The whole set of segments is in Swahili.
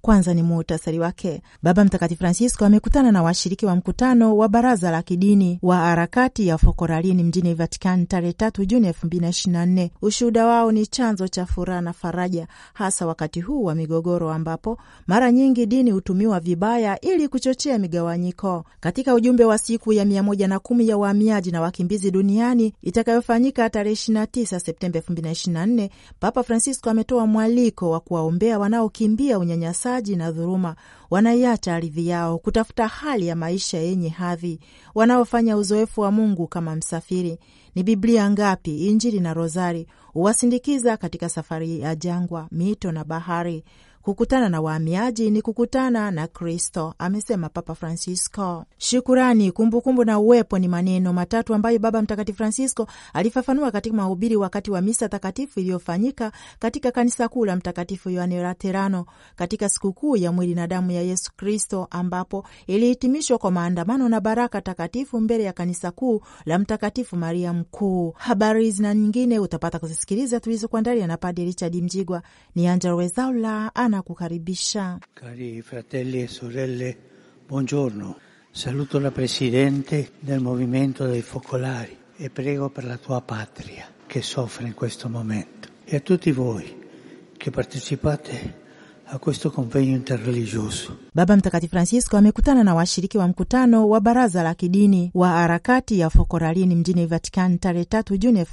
Kwanza ni muhtasari wake. Baba Mtakatifu Francisco amekutana na washiriki wa mkutano wa baraza la kidini wa harakati ya Fokolare mjini Vatican tarehe tatu Juni nne. Ushuhuda wao ni chanzo cha furaha na faraja, hasa wakati huu wa migogoro ambapo mara nyingi dini hutumiwa vibaya ili kuchochea migawanyiko. Katika ujumbe wa siku ya kumi ya wahamiaji na wakimbizi duniani itakayofanyika tarehe tisa Septemba nne, Papa Francisco ametoa mwaliko wa kuwaombea wanaokimbia unyanyasa unyanyasaji na dhuluma, wanaiacha ardhi yao kutafuta hali ya maisha yenye hadhi, wanaofanya uzoefu wa Mungu kama msafiri. Ni Biblia ngapi, Injili na Rozari huwasindikiza katika safari ya jangwa, mito na bahari Kukutana na wahamiaji ni kukutana na Kristo, amesema Papa Francisco. Shukurani, kumbukumbu kumbu na uwepo ni maneno matatu ambayo Baba Mtakatifu Francisco alifafanua katika mahubiri wakati wa misa takatifu iliyofanyika katika kanisa kuu la Mtakatifu Yohane Laterano katika sikukuu ya mwili na damu ya Yesu Kristo, ambapo ilihitimishwa kwa maandamano na baraka takatifu mbele ya kanisa kuu la Mtakatifu Maria Mkuu. Habari zina nyingine utapata kuzisikiliza tulizokuandalia na Padre Richard Mjigwa. Ni Angella Rwezaula ana 라고 Cari fratelli e sorelle, buongiorno. Saluto la presidente del movimento dei focolari e prego per la tua patria che soffre in questo momento e a tutti voi che partecipate a questo convegno interreligioso. Baba Mtakatifu Francisco amekutana na washiriki wa mkutano wa baraza la kidini wa harakati ya Fokoralini mjini Vatikani tarehe tatu Juni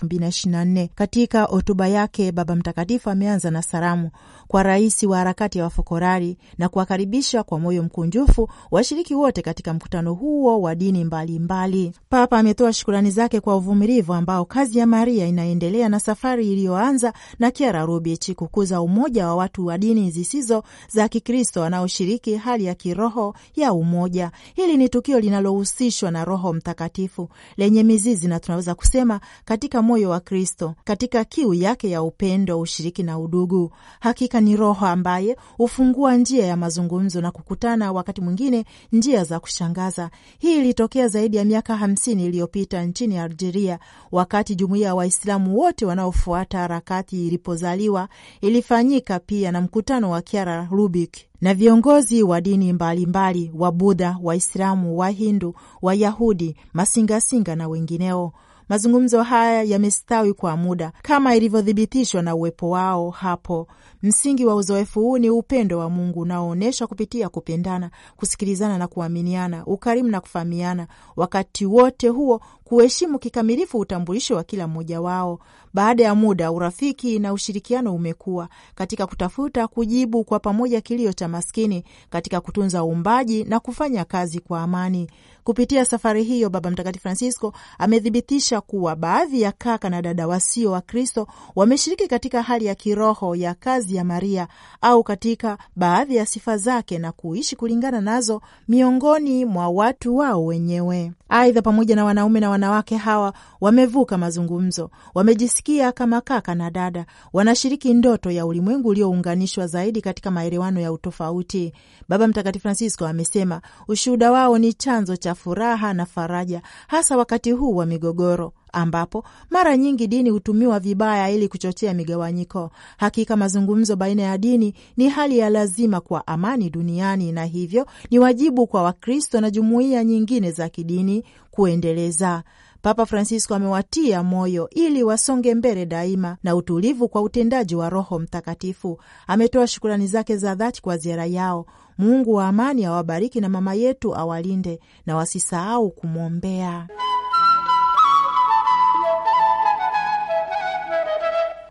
nne. Katika hotuba yake, Baba Mtakatifu ameanza na salamu kwa rais wa harakati ya Wafokorari na kuwakaribisha kwa moyo mkunjufu washiriki wote katika mkutano huo wa dini mbalimbali mbali. Papa ametoa shukurani zake kwa uvumilivu ambao kazi ya Maria inaendelea na safari iliyoanza na Chiara Lubich kukuza umoja wa watu wa dini zisizo hizo za Kikristo wanaoshiriki hali ya kiroho ya umoja. Hili ni tukio linalohusishwa na Roho Mtakatifu lenye mizizi na tunaweza kusema katika moyo wa Kristo, katika kiu yake ya upendo, ushiriki na udugu. Hakika ni Roho ambaye hufungua njia ya mazungumzo na kukutana, wakati mwingine njia za kushangaza. Hii ilitokea zaidi ya miaka hamsini iliyopita nchini Algeria, wakati jumuiya ya Waislamu wote wanaofuata harakati ilipozaliwa ilifanyika pia na mkutano wa Kiara Rubik na viongozi wa dini mbalimbali mbali, wa Budha, Waislamu, Wahindu, Wayahudi, masingasinga na wengineo. Mazungumzo haya yamestawi kwa muda kama ilivyothibitishwa na uwepo wao hapo Msingi wa uzoefu huu ni upendo wa Mungu unaoonyeshwa kupitia kupendana, kusikilizana na kuaminiana, ukarimu na kufahamiana, wakati wote huo kuheshimu kikamilifu utambulisho wa kila mmoja wao. Baada ya muda, urafiki na ushirikiano umekuwa katika kutafuta kujibu kwa pamoja kilio cha maskini, katika kutunza uumbaji na kufanya kazi kwa amani. Kupitia safari hiyo, Baba Mtakatifu Francisco amethibitisha kuwa baadhi ya kaka na dada wasio Wakristo wameshiriki katika hali ya kiroho ya kazi kazi ya Maria au katika baadhi ya sifa zake na kuishi kulingana nazo miongoni mwa watu wao wenyewe. Aidha, pamoja na wanaume na wanawake hawa wamevuka mazungumzo, wamejisikia kama kaka na dada, wanashiriki ndoto ya ulimwengu uliounganishwa zaidi katika maelewano ya utofauti. Baba Mtakatifu Francisco amesema ushuhuda wao ni chanzo cha furaha na faraja, hasa wakati huu wa migogoro ambapo mara nyingi dini hutumiwa vibaya ili kuchochea migawanyiko. Hakika mazungumzo baina ya dini ni hali ya lazima kwa amani duniani, na hivyo ni wajibu kwa Wakristo na jumuiya nyingine za kidini kuendeleza. Papa Francisco amewatia moyo ili wasonge mbele daima na utulivu kwa utendaji wa Roho Mtakatifu. Ametoa shukurani zake za dhati kwa ziara yao. Mungu wa amani awabariki na mama yetu awalinde na wasisahau kumwombea.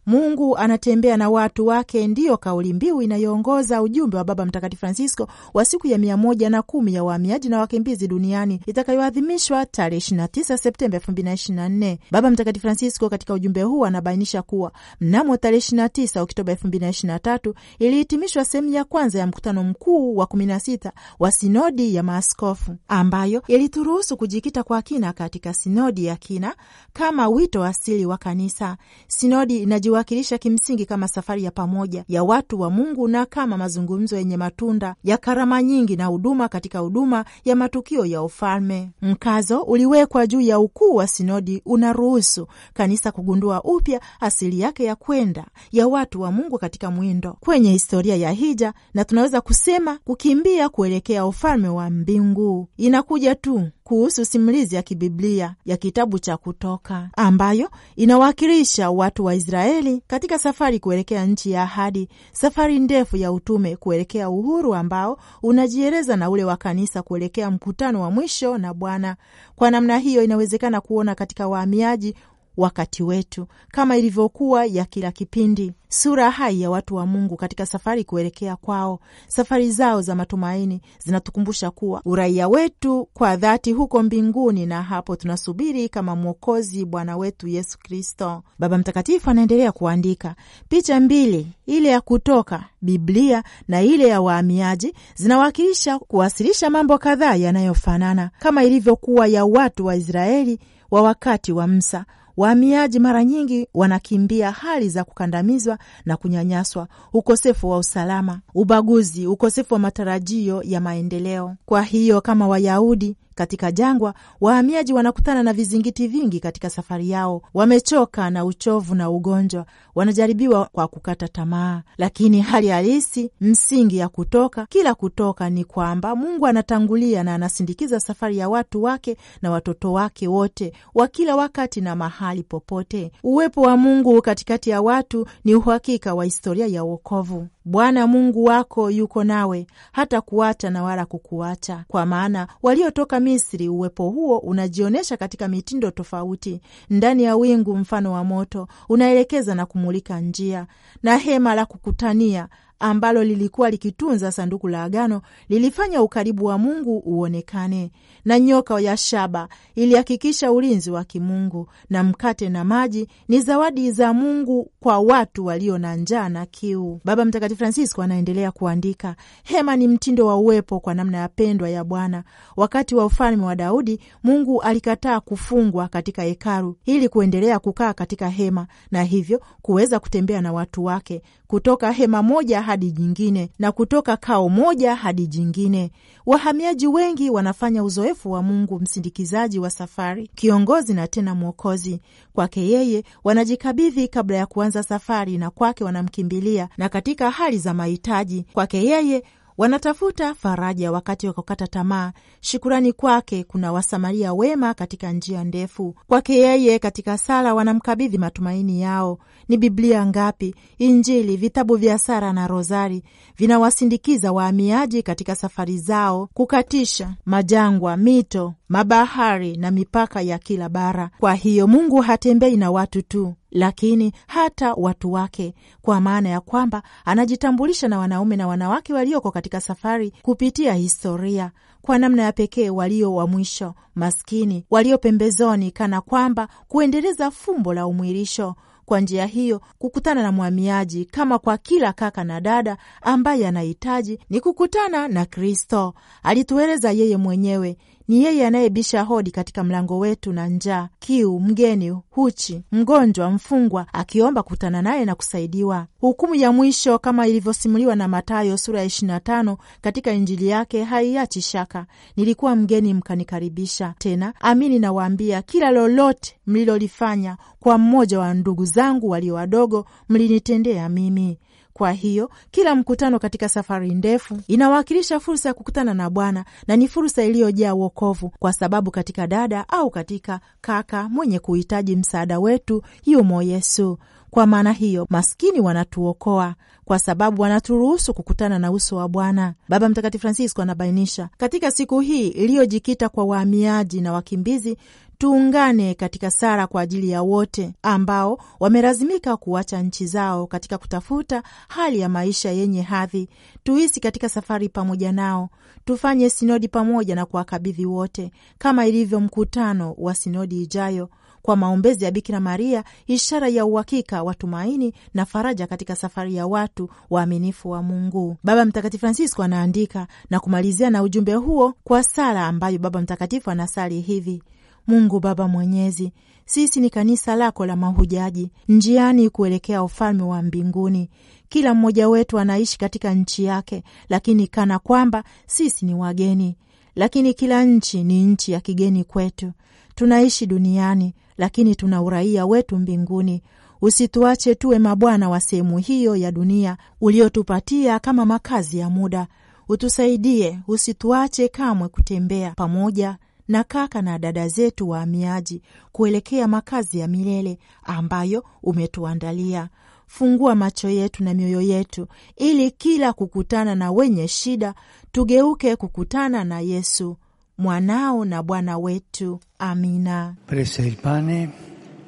Mungu anatembea na watu wake, ndiyo kauli mbiu inayoongoza ujumbe wa Baba Mtakatifu Francisco wa siku ya mia moja na kumi ya wahamiaji na wakimbizi duniani itakayoadhimishwa tarehe 29 Septemba 2024. Baba Mtakatifu Francisco katika ujumbe huu anabainisha kuwa mnamo tarehe 29 Oktoba 2023 ilihitimishwa sehemu ya kwanza ya mkutano mkuu wa 16 wa sinodi ya maaskofu ambayo ilituruhusu kujikita kwa kina katika sinodi ya kina kama wito asili wa kanisa. Sinodi inajiwa ikiwakilisha kimsingi kama safari ya pamoja ya watu wa Mungu na kama mazungumzo yenye matunda ya karama nyingi na huduma katika huduma ya matukio ya ufalme. Mkazo uliwekwa juu ya ukuu wa sinodi unaruhusu kanisa kugundua upya asili yake ya kwenda ya watu wa Mungu katika mwindo kwenye historia ya hija, na tunaweza kusema kukimbia kuelekea ufalme wa mbingu inakuja tu kuhusu simulizi ya kibiblia ya kitabu cha Kutoka ambayo inawakilisha watu wa Israeli Pili, katika safari kuelekea nchi ya ahadi, safari ndefu ya utume kuelekea uhuru ambao unajieleza na ule wa kanisa kuelekea mkutano wa mwisho na Bwana. Kwa namna hiyo, inawezekana kuona katika wahamiaji wakati wetu kama ilivyokuwa ya kila kipindi, sura hai ya watu wa Mungu katika safari kuelekea kwao. Safari zao za matumaini zinatukumbusha kuwa uraia wetu kwa dhati huko mbinguni, na hapo tunasubiri kama Mwokozi Bwana wetu Yesu Kristo. Baba Mtakatifu anaendelea kuandika picha mbili, ile ya kutoka Biblia na ile ya wahamiaji zinawakilisha kuwasilisha mambo kadhaa yanayofanana kama ilivyokuwa ya watu wa Israeli wa wakati wa Musa. Wahamiaji mara nyingi wanakimbia hali za kukandamizwa na kunyanyaswa, ukosefu wa usalama, ubaguzi, ukosefu wa matarajio ya maendeleo. Kwa hiyo kama Wayahudi katika jangwa, wahamiaji wanakutana na vizingiti vingi katika safari yao. Wamechoka na uchovu na ugonjwa, wanajaribiwa kwa kukata tamaa, lakini hali halisi msingi ya kutoka kila kutoka ni kwamba Mungu anatangulia na anasindikiza safari ya watu wake na watoto wake wote wa kila wakati na mahali popote. Uwepo wa Mungu katikati ya watu ni uhakika wa historia ya wokovu. Bwana Mungu wako yuko nawe, hata kuacha na wala kukuacha. Kwa maana waliotoka Misri, uwepo huo unajionyesha katika mitindo tofauti. Ndani ya wingu mfano wa moto unaelekeza na kumulika njia, na hema la kukutania ambalo lilikuwa likitunza sanduku la agano lilifanya ukaribu wa Mungu uonekane, na nyoka ya shaba ilihakikisha ulinzi wa kimungu, na mkate na maji ni zawadi za Mungu kwa watu walio na njaa na kiu. Baba Mtakatifu Francisco anaendelea kuandika, hema ni mtindo wa uwepo kwa namna ya pendwa ya Bwana. Wakati wa ufalme wa Daudi, Mungu alikataa kufungwa katika hekalu ili kuendelea kukaa katika hema, na hivyo kuweza kutembea na watu wake kutoka hema moja hadi jingine na kutoka kao moja hadi jingine. Wahamiaji wengi wanafanya uzoefu wa Mungu msindikizaji wa safari, kiongozi na tena mwokozi. Kwake yeye wanajikabidhi kabla ya kuanza safari, na kwake wanamkimbilia, na katika hali za mahitaji kwake yeye wanatafuta faraja wakati wa kukata tamaa. Shukurani kwake kuna wasamaria wema katika njia ndefu. Kwake yeye katika sala wanamkabidhi matumaini yao. Ni Biblia ngapi, Injili, vitabu vya sara na rozari vinawasindikiza wahamiaji katika safari zao, kukatisha majangwa, mito, mabahari na mipaka ya kila bara. Kwa hiyo Mungu hatembei na watu tu, lakini hata watu wake, kwa maana ya kwamba anajitambulisha na wanaume na wanawake walioko katika safari kupitia historia, kwa namna ya pekee walio wa mwisho, maskini, walio pembezoni, kana kwamba kuendeleza fumbo la umwilisho kwa njia hiyo kukutana na mhamiaji kama kwa kila kaka na dada ambaye anahitaji ni kukutana na Kristo. Alitueleza yeye mwenyewe ni yeye anayebisha hodi katika mlango wetu, na njaa, kiu, mgeni, huchi, mgonjwa, mfungwa, akiomba kutana naye na kusaidiwa. Hukumu ya mwisho kama ilivyosimuliwa na Mathayo sura ya 25 katika Injili yake haiachi shaka: nilikuwa mgeni mkanikaribisha. Tena amini nawaambia, kila lolote mlilolifanya kwa mmoja wa ndugu zangu walio wadogo mlinitendea mimi. Kwa hiyo kila mkutano katika safari ndefu inawakilisha fursa ya kukutana na Bwana na ni fursa iliyojaa wokovu, kwa sababu katika dada au katika kaka mwenye kuhitaji msaada wetu yumo Yesu. Kwa maana hiyo maskini wanatuokoa kwa sababu wanaturuhusu kukutana na uso wa Bwana. Baba Mtakatifu Francisco anabainisha katika siku hii iliyojikita kwa wahamiaji na wakimbizi Tuungane katika sala kwa ajili ya wote ambao wamelazimika kuacha nchi zao katika kutafuta hali ya maisha yenye hadhi. tuisi katika safari pamoja nao, tufanye sinodi pamoja na kuwakabidhi wote, kama ilivyo mkutano wa sinodi ijayo, kwa maombezi ya Bikira Maria, ishara ya uhakika wa tumaini na faraja katika safari ya watu waaminifu wa Mungu. Baba Mtakatifu Francisco anaandika na kumalizia na ujumbe huo kwa sala ambayo Baba Mtakatifu anasali hivi: Mungu Baba Mwenyezi, sisi ni kanisa lako la mahujaji njiani kuelekea ufalme wa mbinguni. Kila mmoja wetu anaishi katika nchi yake, lakini kana kwamba sisi ni wageni. Lakini kila nchi ni nchi ya kigeni kwetu. Tunaishi duniani, lakini tuna uraia wetu mbinguni. Usituache tuwe mabwana wa sehemu hiyo ya dunia uliotupatia kama makazi ya muda. Utusaidie, usituache kamwe kutembea pamoja na kaka na dada zetu wahamiaji kuelekea makazi ya milele ambayo umetuandalia. Fungua macho yetu na mioyo yetu, ili kila kukutana na wenye shida tugeuke kukutana na Yesu mwanao na Bwana wetu. Amina. Prese il pane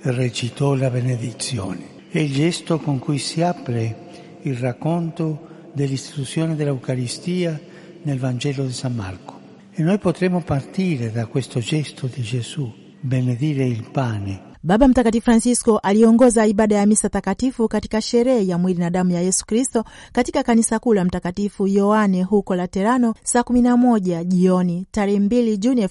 recito recitò la benedizione e il gesto con cui si apre il racconto dell'istituzione dell'Eucaristia nel Vangelo di San Marco. E noi potremo partire da questo gesto di Gesù, benedire il pane, Baba Mtakatifu Francisco aliongoza ibada ya misa takatifu katika sherehe ya mwili na damu ya Yesu Kristo katika kanisa kuu la Mtakatifu Yohane huko Laterano saa moja jioni tarehe mbili Juni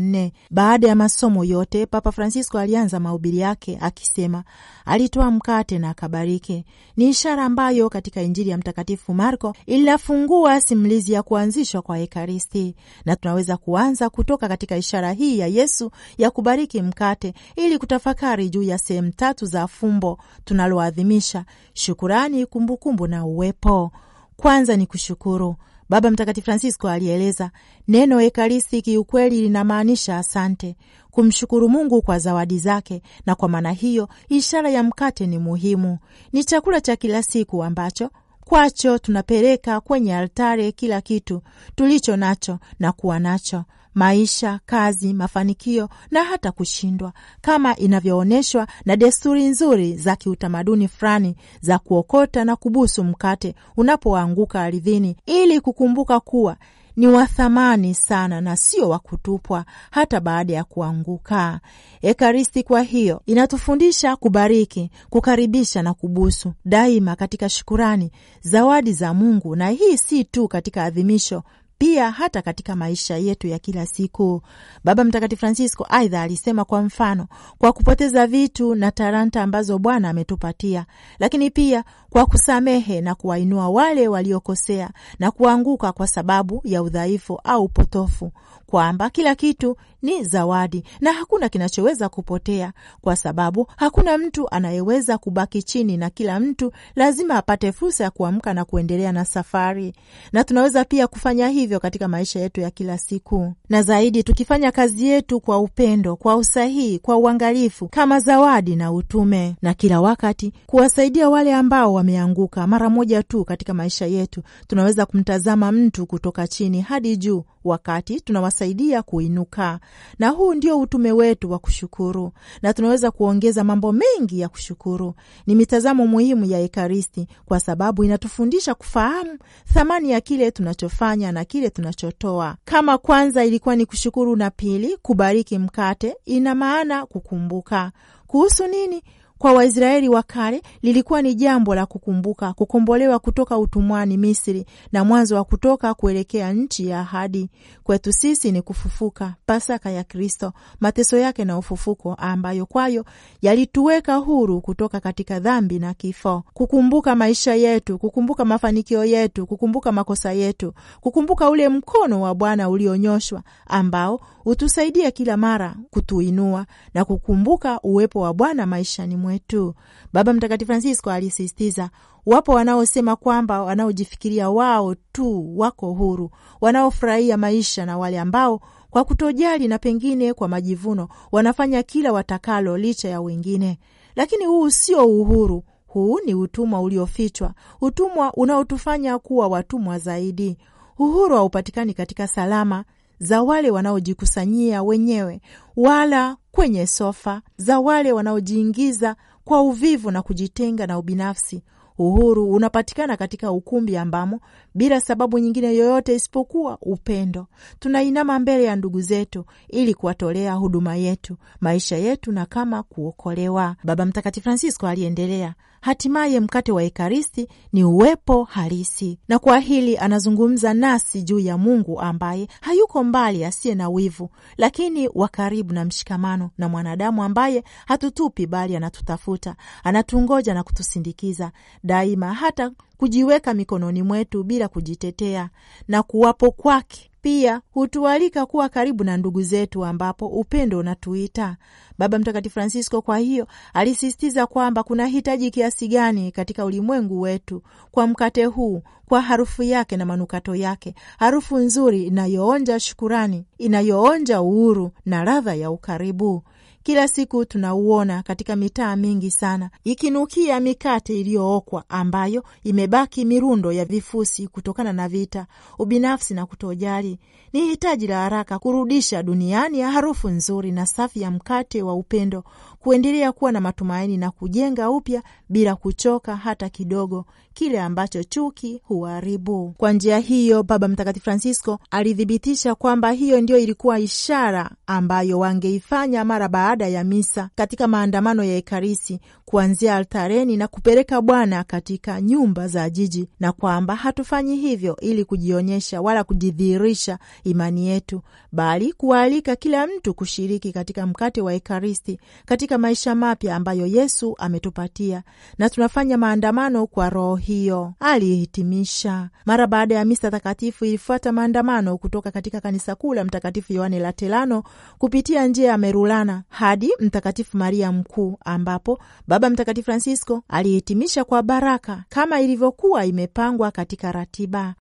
nne. Baada ya masomo yote, Papa Francisco alianza mahubiri yake akisema, alitoa mkate na akabariki. Ni ishara ambayo katika Injili ya Mtakatifu Marko inafungua simulizi ya kuanzishwa kwa Ekaristi, na tunaweza kuanza kutoka katika ishara hii ya Yesu ya kubariki mkate ili kutafakari juu ya sehemu tatu za fumbo tunaloadhimisha: shukurani, kumbukumbu kumbu na uwepo. Kwanza ni kushukuru. Baba Mtakatifu Francisco alieleza neno Ekaristi kiukweli linamaanisha asante, kumshukuru Mungu kwa zawadi zake, na kwa maana hiyo ishara ya mkate ni muhimu. Ni chakula cha kila siku ambacho kwacho tunapeleka kwenye altare kila kitu tulicho nacho na kuwa nacho maisha, kazi, mafanikio na hata kushindwa, kama inavyoonyeshwa na desturi nzuri za kiutamaduni fulani za kuokota na kubusu mkate unapoanguka ardhini, ili kukumbuka kuwa ni wa thamani sana na sio wa kutupwa hata baada ya kuanguka. Ekaristi kwa hiyo inatufundisha kubariki, kukaribisha na kubusu daima katika shukurani zawadi za Mungu, na hii si tu katika adhimisho pia hata katika maisha yetu ya kila siku. Baba Mtakatifu Francisco aidha alisema kwa mfano, kwa kupoteza vitu na talanta ambazo Bwana ametupatia, lakini pia kwa kusamehe na kuwainua wale waliokosea na kuanguka kwa sababu ya udhaifu au upotofu, kwamba kila kitu ni zawadi na hakuna kinachoweza kupotea, kwa sababu hakuna mtu anayeweza kubaki chini, na kila mtu lazima apate fursa ya kuamka na kuendelea na safari. Na tunaweza pia kufanya hivyo katika maisha yetu ya kila siku, na zaidi tukifanya kazi yetu kwa upendo, kwa usahihi, kwa uangalifu, kama zawadi na utume, na kila wakati kuwasaidia wale ambao wameanguka. Mara moja tu katika maisha yetu tunaweza kumtazama mtu kutoka chini hadi juu, wakati tunawasaidia kuinuka na huu ndio utume wetu wa kushukuru, na tunaweza kuongeza mambo mengi ya kushukuru. Ni mitazamo muhimu ya Ekaristi kwa sababu inatufundisha kufahamu thamani ya kile tunachofanya na kile tunachotoa. Kama kwanza ilikuwa ni kushukuru, na pili kubariki mkate, ina maana kukumbuka kuhusu nini kwa Waisraeli wa kale lilikuwa ni jambo la kukumbuka kukombolewa kutoka utumwani Misri na mwanzo wa kutoka kuelekea nchi ya ahadi. Kwetu sisi ni kufufuka, Pasaka ya Kristo, mateso yake na ufufuko, ambayo kwayo yalituweka huru kutoka katika dhambi na kifo. Kukumbuka maisha yetu, kukumbuka mafanikio yetu, kukumbuka makosa yetu, kukumbuka ule mkono wa Bwana ulionyoshwa ambao hutusaidia kila mara kutuinua na kukumbuka uwepo wa Bwana maishani mwetu. Baba Mtakatifu Francisco alisisitiza, wapo wanaosema kwamba wanaojifikiria wao tu wako huru, wanaofurahia maisha na wale ambao kwa kutojali na pengine kwa majivuno wanafanya kila watakalo licha ya wengine. Lakini huu sio uhuru, huu ni utumwa uliofichwa, utumwa unaotufanya kuwa watumwa zaidi. Uhuru haupatikani katika salama za wale wanaojikusanyia wenyewe, wala kwenye sofa za wale wanaojiingiza kwa uvivu na kujitenga na ubinafsi. Uhuru unapatikana katika ukumbi ambamo bila sababu nyingine yoyote isipokuwa upendo tunainama mbele ya ndugu zetu ili kuwatolea huduma yetu, maisha yetu na kama kuokolewa. Baba Mtakatifu Francisco aliendelea Hatimaye mkate wa Ekaristi ni uwepo halisi, na kwa hili anazungumza nasi juu ya Mungu ambaye hayuko mbali, asiye na wivu, lakini wa karibu na mshikamano na mwanadamu, ambaye hatutupi bali anatutafuta, anatungoja na kutusindikiza daima, hata kujiweka mikononi mwetu bila kujitetea, na kuwapo kwake pia hutualika kuwa karibu na ndugu zetu, ambapo upendo unatuita. Baba Mtakatifu Francisco kwa hiyo alisisitiza kwamba kuna hitaji kiasi gani katika ulimwengu wetu kwa mkate huu, kwa harufu yake na manukato yake, harufu nzuri inayoonja shukurani, inayoonja uhuru na ladha ya ukaribu kila siku tunauona katika mitaa mingi sana, ikinukia mikate iliyookwa ambayo imebaki mirundo ya vifusi kutokana na vita, ubinafsi na kutojali ni hitaji la haraka kurudisha duniani ya harufu nzuri na safi ya mkate wa upendo, kuendelea kuwa na matumaini na kujenga upya bila kuchoka hata kidogo kile ambacho chuki huharibu. Kwa njia hiyo, Baba Mtakatifu Francisco alithibitisha kwamba hiyo ndiyo ilikuwa ishara ambayo wangeifanya mara baada ya misa katika maandamano ya Ekaristi, kuanzia altareni na kupeleka Bwana katika nyumba za jiji, na kwamba hatufanyi hivyo ili kujionyesha wala kujidhihirisha imani yetu, bali kuwaalika kila mtu kushiriki katika mkate wa Ekaristi, katika maisha mapya ambayo Yesu ametupatia, na tunafanya maandamano kwa roho hiyo, alihitimisha. Mara baada ya misa takatifu ilifuata maandamano kutoka katika kanisa kuu la Mtakatifu Yohane Laterano kupitia njia ya Merulana hadi Mtakatifu Maria Mkuu, ambapo Baba Mtakatifu Francisco alihitimisha kwa baraka kama ilivyokuwa imepangwa katika ratiba.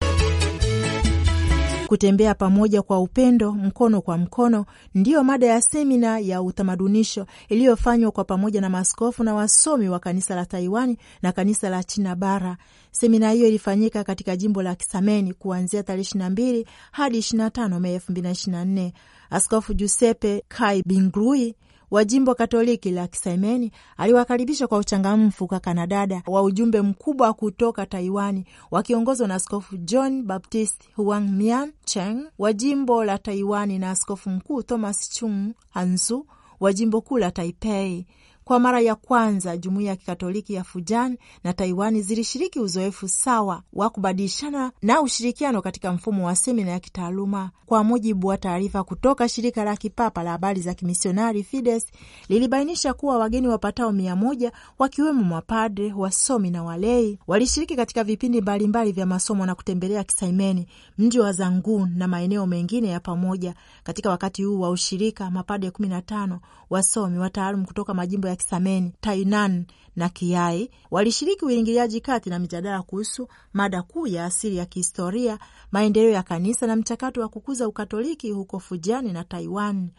Kutembea pamoja kwa upendo, mkono kwa mkono, ndiyo mada ya semina ya utamadunisho iliyofanywa kwa pamoja na maskofu na wasomi wa kanisa la Taiwani na kanisa la China bara. Semina hiyo ilifanyika katika jimbo la Kisameni kuanzia tarehe 22 hadi 25 Mei 2024. Askofu Giuseppe Kai Bingrui wa jimbo Katoliki la Kisaimeni aliwakaribisha kwa uchangamfu kaka na dada wa ujumbe mkubwa kutoka Taiwani wakiongozwa na Askofu John Baptist Huang Mian Cheng wa jimbo la Taiwani na Askofu Mkuu Thomas Chung Hanzu wa jimbo kuu la Taipei. Kwa mara ya kwanza jumuiya ya kikatoliki ya Fujian na Taiwani zilishiriki uzoefu sawa wa kubadilishana na ushirikiano katika mfumo wa semina ya kitaaluma. Kwa mujibu wa taarifa kutoka shirika la kipapa la habari za kimisionari Fides, lilibainisha kuwa wageni wapatao mia moja wakiwemo mapadre, wasomi na walei walishiriki katika vipindi mbalimbali vya masomo na kutembelea Kisaimeni, mji wa Zangun na maeneo mengine ya pamoja. Katika wakati huu wa ushirika, mapadre 15 wasomi wataalum kutoka majimbo ya ya Tainan na Kiai walishiriki uingiliaji kati na mijadala kuhusu mada kuu ya asili ya kihistoria, maendeleo ya kanisa na mchakato wa kukuza Ukatoliki huko fujiani na Taiwan.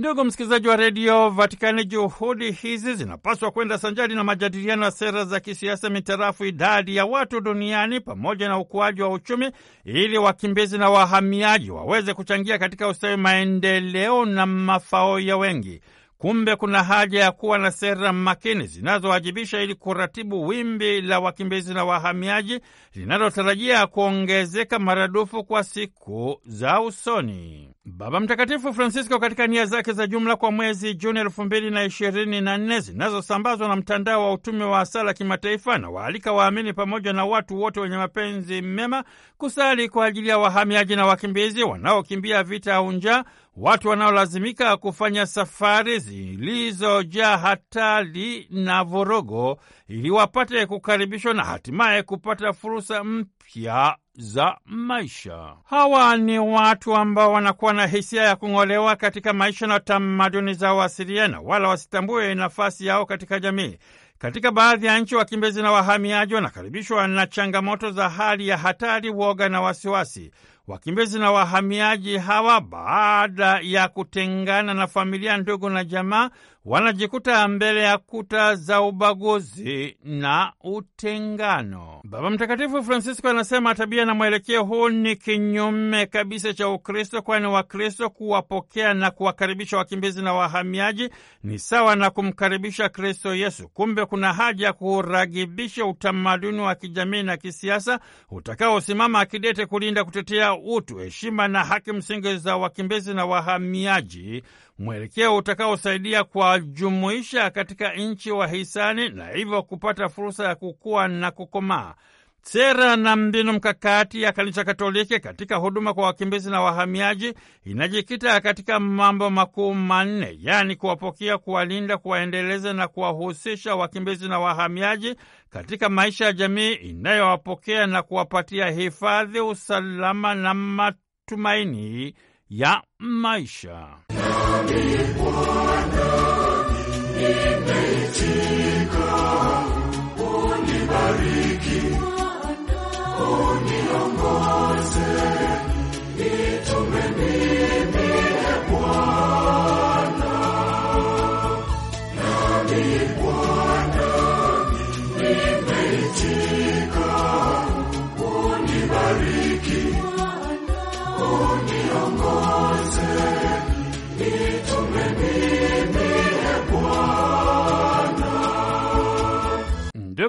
Ndugu msikilizaji wa redio Vatikani, juhudi hizi zinapaswa kwenda sanjari na majadiliano ya sera za kisiasa mitarafu idadi ya watu duniani pamoja na ukuaji wa uchumi, ili wakimbizi na wahamiaji waweze kuchangia katika ustawi, maendeleo na mafao ya wengi. Kumbe kuna haja ya kuwa na sera makini zinazowajibisha ili kuratibu wimbi la wakimbizi na wahamiaji linalotarajia kuongezeka maradufu kwa siku za usoni. Baba Mtakatifu Francisco, katika nia zake za jumla kwa mwezi Juni elfu mbili na ishirini na nne zinazosambazwa na mtandao wa utume wa sala kimataifa, na waalika waamini pamoja na watu wote wenye mapenzi mema kusali kwa ajili ya wahamiaji na wakimbizi wanaokimbia vita au njaa watu wanaolazimika kufanya safari zilizojaa hatari na vurugo ili wapate kukaribishwa na hatimaye kupata fursa mpya za maisha. Hawa ni watu ambao wanakuwa na hisia ya kung'olewa katika maisha na tamaduni za wasiriana wala wasitambue nafasi yao katika jamii. Katika baadhi ya nchi wakimbizi na wahamiaji wanakaribishwa na changamoto za hali ya hatari, woga na wasiwasi. Wakimbizi na wahamiaji hawa baada ya kutengana na familia, ndugu na jamaa, wanajikuta mbele ya kuta za ubaguzi na utengano. Baba Mtakatifu Francisco anasema tabia na mwelekeo huu ni kinyume kabisa cha Ukristo, kwani Wakristo kuwapokea na kuwakaribisha wakimbizi na wahamiaji ni sawa na kumkaribisha Kristo Yesu. Kumbe kuna haja ya kuragibisha utamaduni wa kijamii na kisiasa utakaosimama akidete kulinda, kutetea utu, heshima na haki msingi za wakimbizi na wahamiaji, mwelekeo utakaosaidia kuwajumuisha katika nchi wahisani na hivyo kupata fursa ya kukua na kukomaa. Sera na mbinu mkakati ya Kanisa Katoliki katika huduma kwa wakimbizi na wahamiaji inajikita katika mambo makuu manne, yaani kuwapokea, kuwalinda, kuwaendeleza na kuwahusisha wakimbizi na wahamiaji katika maisha ya jamii inayowapokea na kuwapatia hifadhi, usalama na matumaini ya maisha.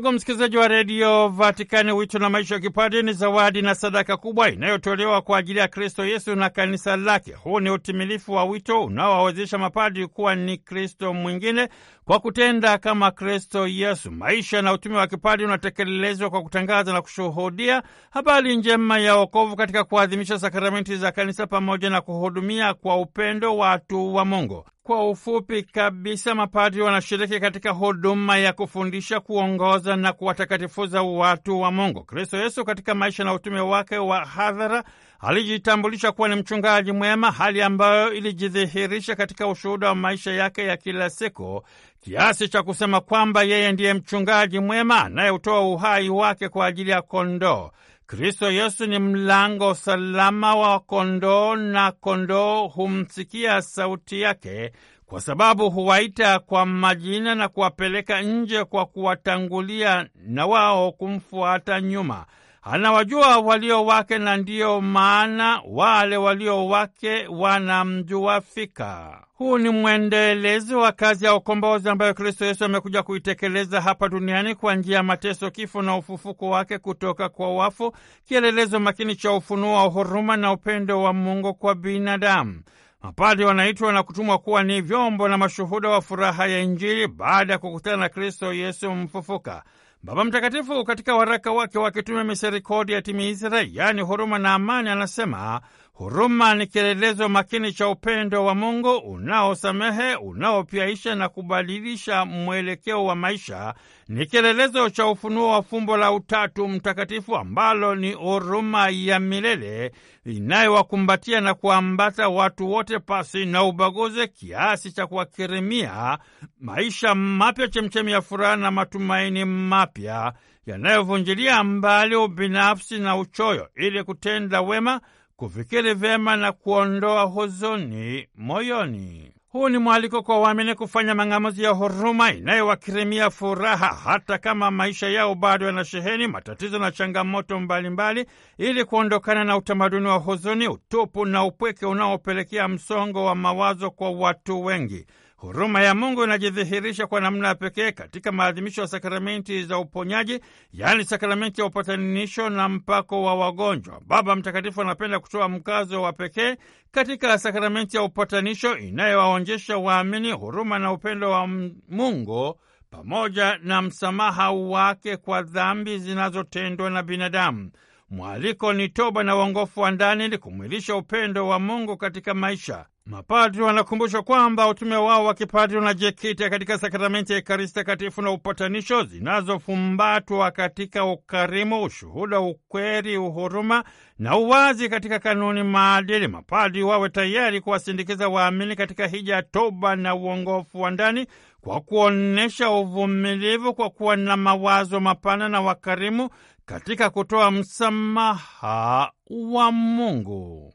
Ndugu msikilizaji wa redio Vatikani, wito na maisha ya kipadri ni zawadi na sadaka kubwa inayotolewa kwa ajili ya Kristo Yesu na kanisa lake. Huu ni utimilifu wa wito unaowawezesha mapadri kuwa ni Kristo mwingine kwa kutenda kama Kristo Yesu. Maisha na utume wa kipadri unatekelezwa kwa kutangaza na kushuhudia habari njema ya wokovu katika kuadhimisha sakramenti za kanisa pamoja na kuhudumia kwa upendo watu wa Mungu. Kwa ufupi kabisa, mapadri wanashiriki katika huduma ya kufundisha, kuongoza na kuwatakatifuza watu wa Mungu. Kristo Yesu katika maisha na utume wake wa hadhara alijitambulisha kuwa ni mchungaji mwema, hali ambayo ilijidhihirisha katika ushuhuda wa maisha yake ya kila siku, kiasi cha kusema kwamba yeye ndiye mchungaji mwema anayeutoa uhai wake kwa ajili ya kondoo. Kristo Yesu ni mlango salama wa kondoo na kondoo humsikia sauti yake, kwa sababu huwaita kwa majina na kuwapeleka nje kwa kuwatangulia na wao kumfuata nyuma anawajua walio wake, na ndiyo maana wale walio wake wanamjua fika. Huu ni mwendelezi wa kazi ya ukombozi ambayo Kristo Yesu amekuja kuitekeleza hapa duniani kwa njia ya mateso, kifo na ufufuko wake kutoka kwa wafu, kielelezo makini cha ufunuo wa huruma na upendo wa Mungu kwa binadamu. Mapadi wanaitwa na kutumwa kuwa ni vyombo na mashuhuda wa furaha ya Injili baada ya kukutana na Kristo Yesu mfufuka. Baba Mtakatifu katika waraka wake wa kitume Miserikodi ya timi Israeli, yaani huruma na amani, anasema Huruma ni kielelezo makini cha upendo wa Mungu unaosamehe, unaopyaisha na kubadilisha mwelekeo wa maisha. Ni kielelezo cha ufunuo wa fumbo la Utatu Mtakatifu ambalo ni huruma ya milele inayowakumbatia na kuambata watu wote pasi na ubaguzi, kiasi cha kuwakirimia maisha mapya, chemchemi ya furaha na matumaini mapya yanayovunjilia mbali ubinafsi na uchoyo, ili kutenda wema kufikiri vyema na kuondoa huzuni moyoni. Huu ni mwaliko kwa waamini kufanya mang'amuzi ya huruma inayowakirimia furaha hata kama maisha yao bado yanasheheni matatizo na changamoto mbalimbali, ili kuondokana na utamaduni wa huzuni, utupu na upweke unaopelekea msongo wa mawazo kwa watu wengi. Huruma ya Mungu inajidhihirisha kwa namna ya pekee katika maadhimisho ya sakramenti za uponyaji, yaani sakramenti ya upatanisho na mpako wa wagonjwa. Baba Mtakatifu anapenda kutoa mkazo wa pekee katika sakramenti ya upatanisho inayowaonjesha waamini huruma na upendo wa Mungu pamoja na msamaha wake kwa dhambi zinazotendwa na binadamu. Mwaliko ni toba na uongofu wa ndani ili kumwilisha upendo wa Mungu katika maisha. Mapadri wanakumbushwa kwamba utume wao wa kipadri unajikita katika sakramenti ya Ekaristi Takatifu na upatanisho zinazofumbatwa katika ukarimu, ushuhuda, ukweli, uhuruma na uwazi katika kanuni maadili. Mapadri wawe tayari kuwasindikiza waamini katika hija, toba na uongofu wa ndani kwa kuonyesha uvumilivu, kwa kuwa na mawazo mapana na wakarimu katika kutoa msamaha wa Mungu.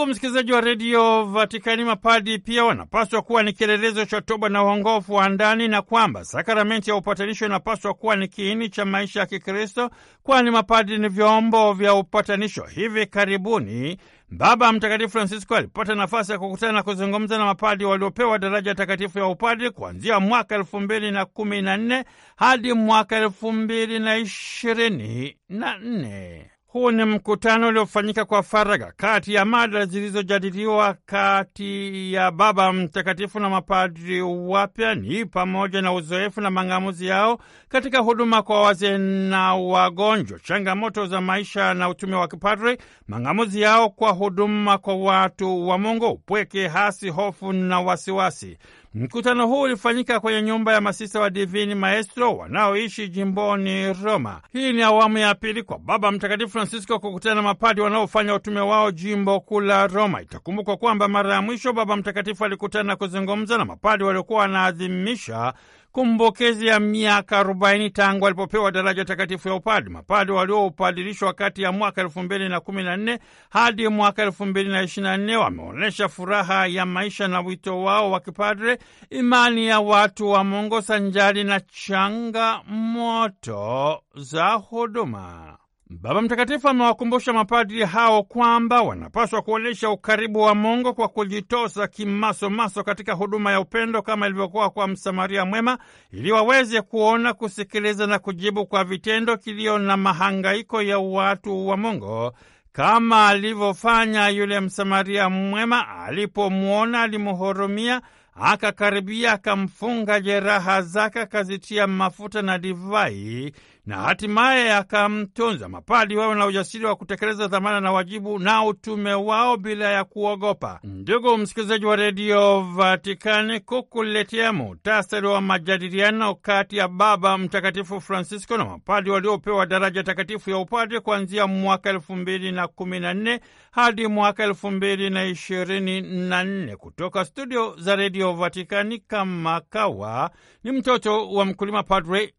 Ndugu msikilizaji wa redio Vatikani, mapadi pia wanapaswa kuwa ni kielelezo cha toba na uongofu wa ndani, na kwamba sakramenti ya upatanisho inapaswa kuwa ni kiini cha maisha ya Kikristo, kwani mapadi ni vyombo vya upatanisho. Hivi karibuni Baba Mtakatifu Francisco alipata nafasi ya kukutana na kuzungumza na mapadi waliopewa daraja takatifu ya upadi kuanzia mwaka elfu mbili na kumi na nne hadi mwaka elfu mbili na ishirini na nne. Huu ni mkutano uliofanyika kwa faragha. Kati ya mada zilizojadiliwa kati ya Baba Mtakatifu na mapadri wapya ni pamoja na uzoefu na mang'amuzi yao katika huduma kwa wazee na wagonjwa, changamoto za maisha na utume wa kipadri, mang'amuzi yao kwa huduma kwa watu wa Mungu, upweke hasi, hofu na wasiwasi. Mkutano huu ulifanyika kwenye nyumba ya masista wa Divini Maestro wanaoishi jimboni Roma. Hii ni awamu ya pili kwa Baba Mtakatifu Francisco kukutana na mapadi wanaofanya utume wao jimbo kuu la Roma. Itakumbukwa kwamba mara ya mwisho Baba Mtakatifu alikutana na kuzungumza na mapadi waliokuwa wanaadhimisha kumbukizi ya miaka 40 tangu alipopewa daraja takatifu ya upadi. Mapadi walioupadirishwa kati ya mwaka 2014 hadi mwaka 2024 wameonyesha furaha ya maisha na wito wao wa kipadre, imani ya watu wa Mungu sanjari na changamoto za huduma. Baba Mtakatifu amewakumbusha mapadri hao kwamba wanapaswa kuonyesha ukaribu wa Mungu kwa kujitosa kimasomaso katika huduma ya upendo kama ilivyokuwa kwa Msamaria mwema, ili waweze kuona, kusikiliza na kujibu kwa vitendo kilio na mahangaiko ya watu wa Mungu kama alivyofanya yule Msamaria mwema alipomwona, alimhurumia, akakaribia, akamfunga jeraha zake, akazitia mafuta na divai na hatimaye akamtunza. Mapadi wawe na ujasiri wa kutekeleza dhamana na wajibu na utume wao bila ya kuogopa. Ndugu msikilizaji wa redio Vatikani, kukuletea muhtasari wa majadiliano kati ya Baba Mtakatifu Francisco na mapadi waliopewa daraja takatifu ya upadi kuanzia mwaka elfu mbili na kumi na nne hadi mwaka elfu mbili na ishirini na nne kutoka studio za redio Vatikani. Kama kawa ni mtoto wa mkulima, Padre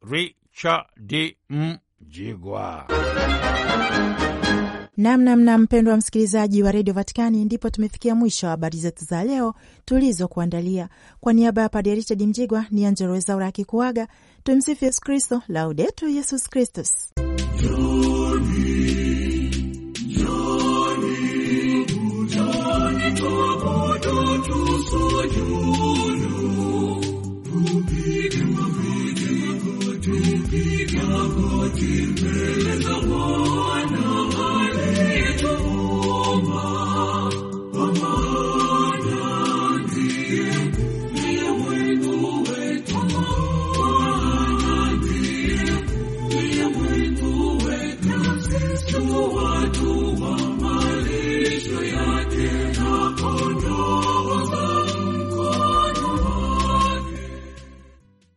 cha Mjigwa. Namnamna mpendwa msikilizaji wa redio Vatikani, ndipo tumefikia mwisho wa habari zetu za leo tulizokuandalia. Kwa, kwa niaba ya Padre Richard Mjigwa ni Anjelo Wezaura akikuaga. Tumsifu Yesu Kristo, Laudetu Yesus Kristus.